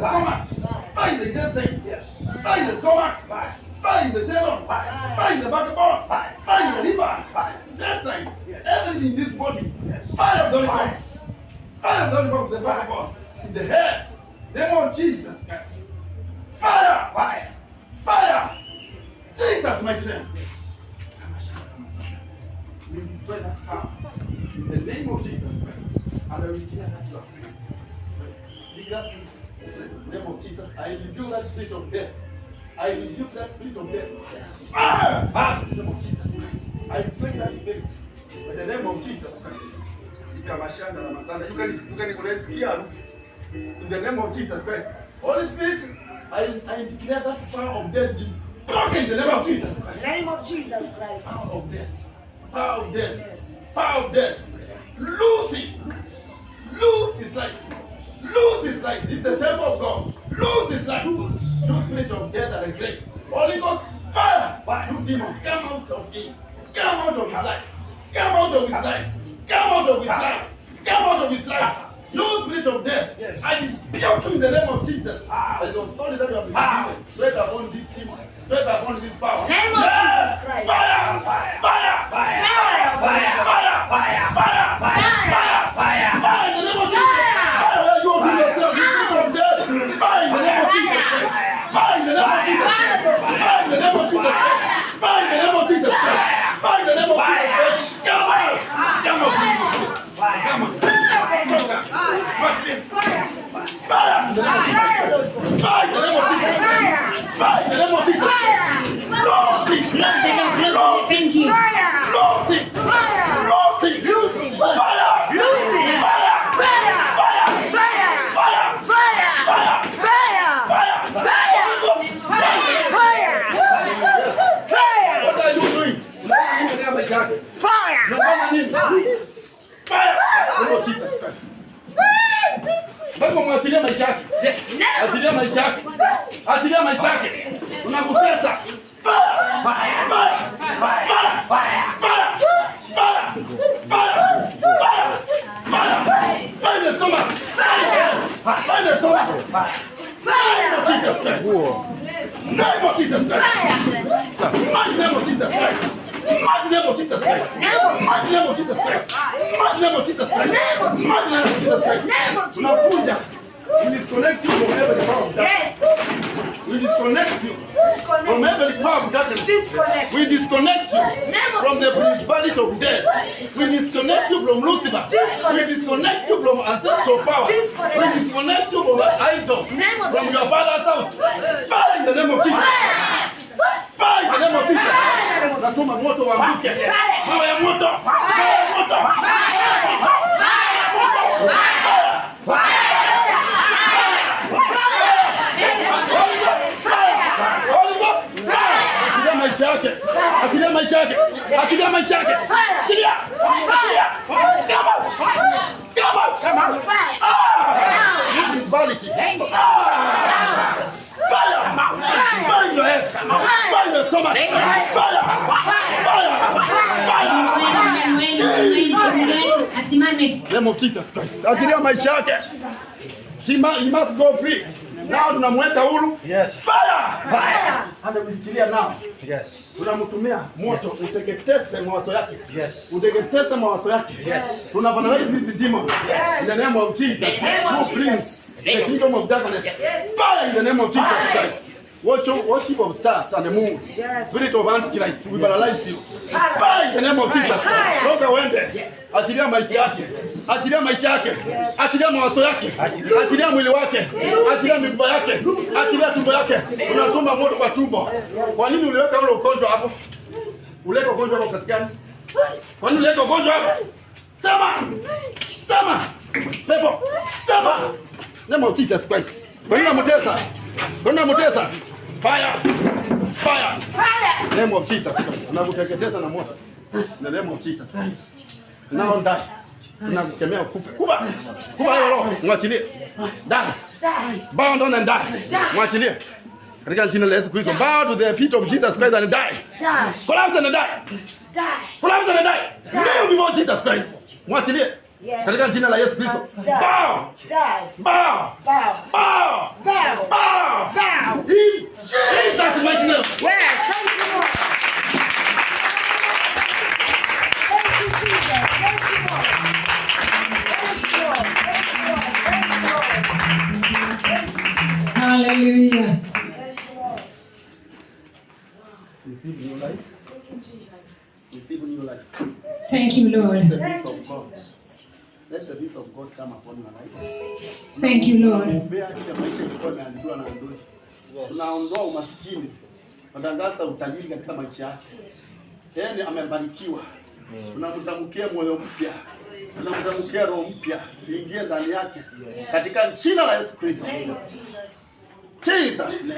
the stomach. Fight against them. Yes. Fight the stomach. Fight the tendon. Fight the backbone. Fight the liver. Listen, everything in this body. Fire the Holy Ghost. Fire of the Holy Ghost the backbone. In the head. Name of Jesus Christ. Fire. Fire. Fire. Jesus, my name. We destroy that power in the name of Jesus Christ and the original that you are praying. Bigger things In the name of Jesus, I rebuke that spirit of death. I rebuke that spirit of death. Ah! In the name of Jesus Christ. I break that spirit. In the name of Jesus Christ. Ikamashanda na masanda. You can you can connect In the name of Jesus Christ. Holy Spirit, I, I declare that power of death be broken in the name of Jesus Christ. Name of Jesus Christ. Power of death. Power of death. Yes. Power of death. Lose it. Lose his life. Lose his life. It's the temple of God. Lose his life. Lose spirit of death and grave. Holy Ghost, fire. Why? You demon, come out of him. Come out of his life. Come out of his life. Come out of his life. Come out of his life. You spirit of death, yes. I rebuke you in the name of Jesus. Ah. As of that you have been given, tread upon this demon, tread upon this power. Name of Jesus Christ. Fire. fire in the name of Jesus. Fire! Lord, it. Lord, thank you. Fire! Lord, it. Fire! Lord, it. Lose it. Fire! Lose it. Fire! Fire! Fire! Fire! Fire! Fire! Fire! Fire! Fire! Fire! Fire! Fire! What are you doing? Fire! Fire! Fire! Fire! Fire! mwachilie maisha yake, achilia maisha yake, achilia maisha yake, unakutesa Name of Jesus Christ. Name of Jesus Christ. Mighty name of Jesus Christ. Mighty name of Jesus Christ. Mighty name of Jesus Christ. Mighty name of Jesus Christ. Tunavunja. We disconnect you from every power of darkness. Yes. We disconnect you disconnect. from every power of darkness. Disconnect. We disconnect you from the principality of death. We disconnect you from Lucifer. Disconnect. We disconnect you from ancestral power. Disconnect. We disconnect you from idols, from your father's house. Fire in the name of Jesus. Fire. Natuma moto uanguke. Mawe ya moto. Mawe ya moto. Mawe ya moto. Achilia maisha yake. Achilia maisha yake. Achilia maisha yake. Achilia. Name Achilia maisha yake. She must go free. Nao tunamweka huru. Yes. Fire! Fire! Anamshikilia nao. Yes. Tunamtumia moto uteketese mawazo yake. Yes. Uteketese mawazo yake. Yes. Tunapana hizi demons. Yes. In the name of Jesus. Go free. The kingdom of darkness. Yes. Fire in the name of Jesus Christ. Watch, your worship of stars and the moon. Yes. Spirit of Antichrist, we paralyze you. Fire in the name of Jesus. Don't go in Yes achilia maisha yake, achilia maisha yake, achilia mawazo yake, achilia mwili wake, achilia mimba yake, achilia tumbo yake. Unasoma moto kwa tumbo. Kwa nini uliweka ule ugonjwa hapo? Uleka ugonjwa hapo katika gani? Kwa nini uleka ugonjwa hapo? Sema, sema, pepo, sema. Name of Jesus Christ. Kwa nini unamtesa? Kwa nini unamtesa? Fire, fire, fire. Name of Jesus Christ. na moto. Na name of Jesus Christ nao ndai tunakemea kufa kufa kufa hiyo roho mwachilie ndai bound on and die mwachilie katika jina la Yesu Kristo bow to the feet of Jesus Christ and die collapse and die collapse and die ndio before Jesus Christ mwachilie katika jina la Yesu Kristo bow bow bow bow bow bow in Jesus mighty name Hallelujah. Receive new Thank you, Lord. Thank you, Lord. utajiri katika maisha yake. Yaani amebarikiwa. unamtamkia moyo mpya. Tunamtamkia roho mpya. Ingie ndani yake katika jina la Yesu Kristo. Jesus' name.